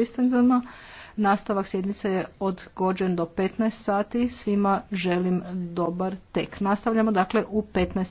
pristanjima. Nastavak sjednice je odgođen do 15 sati. Svima želim dobar tek. Nastavljamo dakle u 15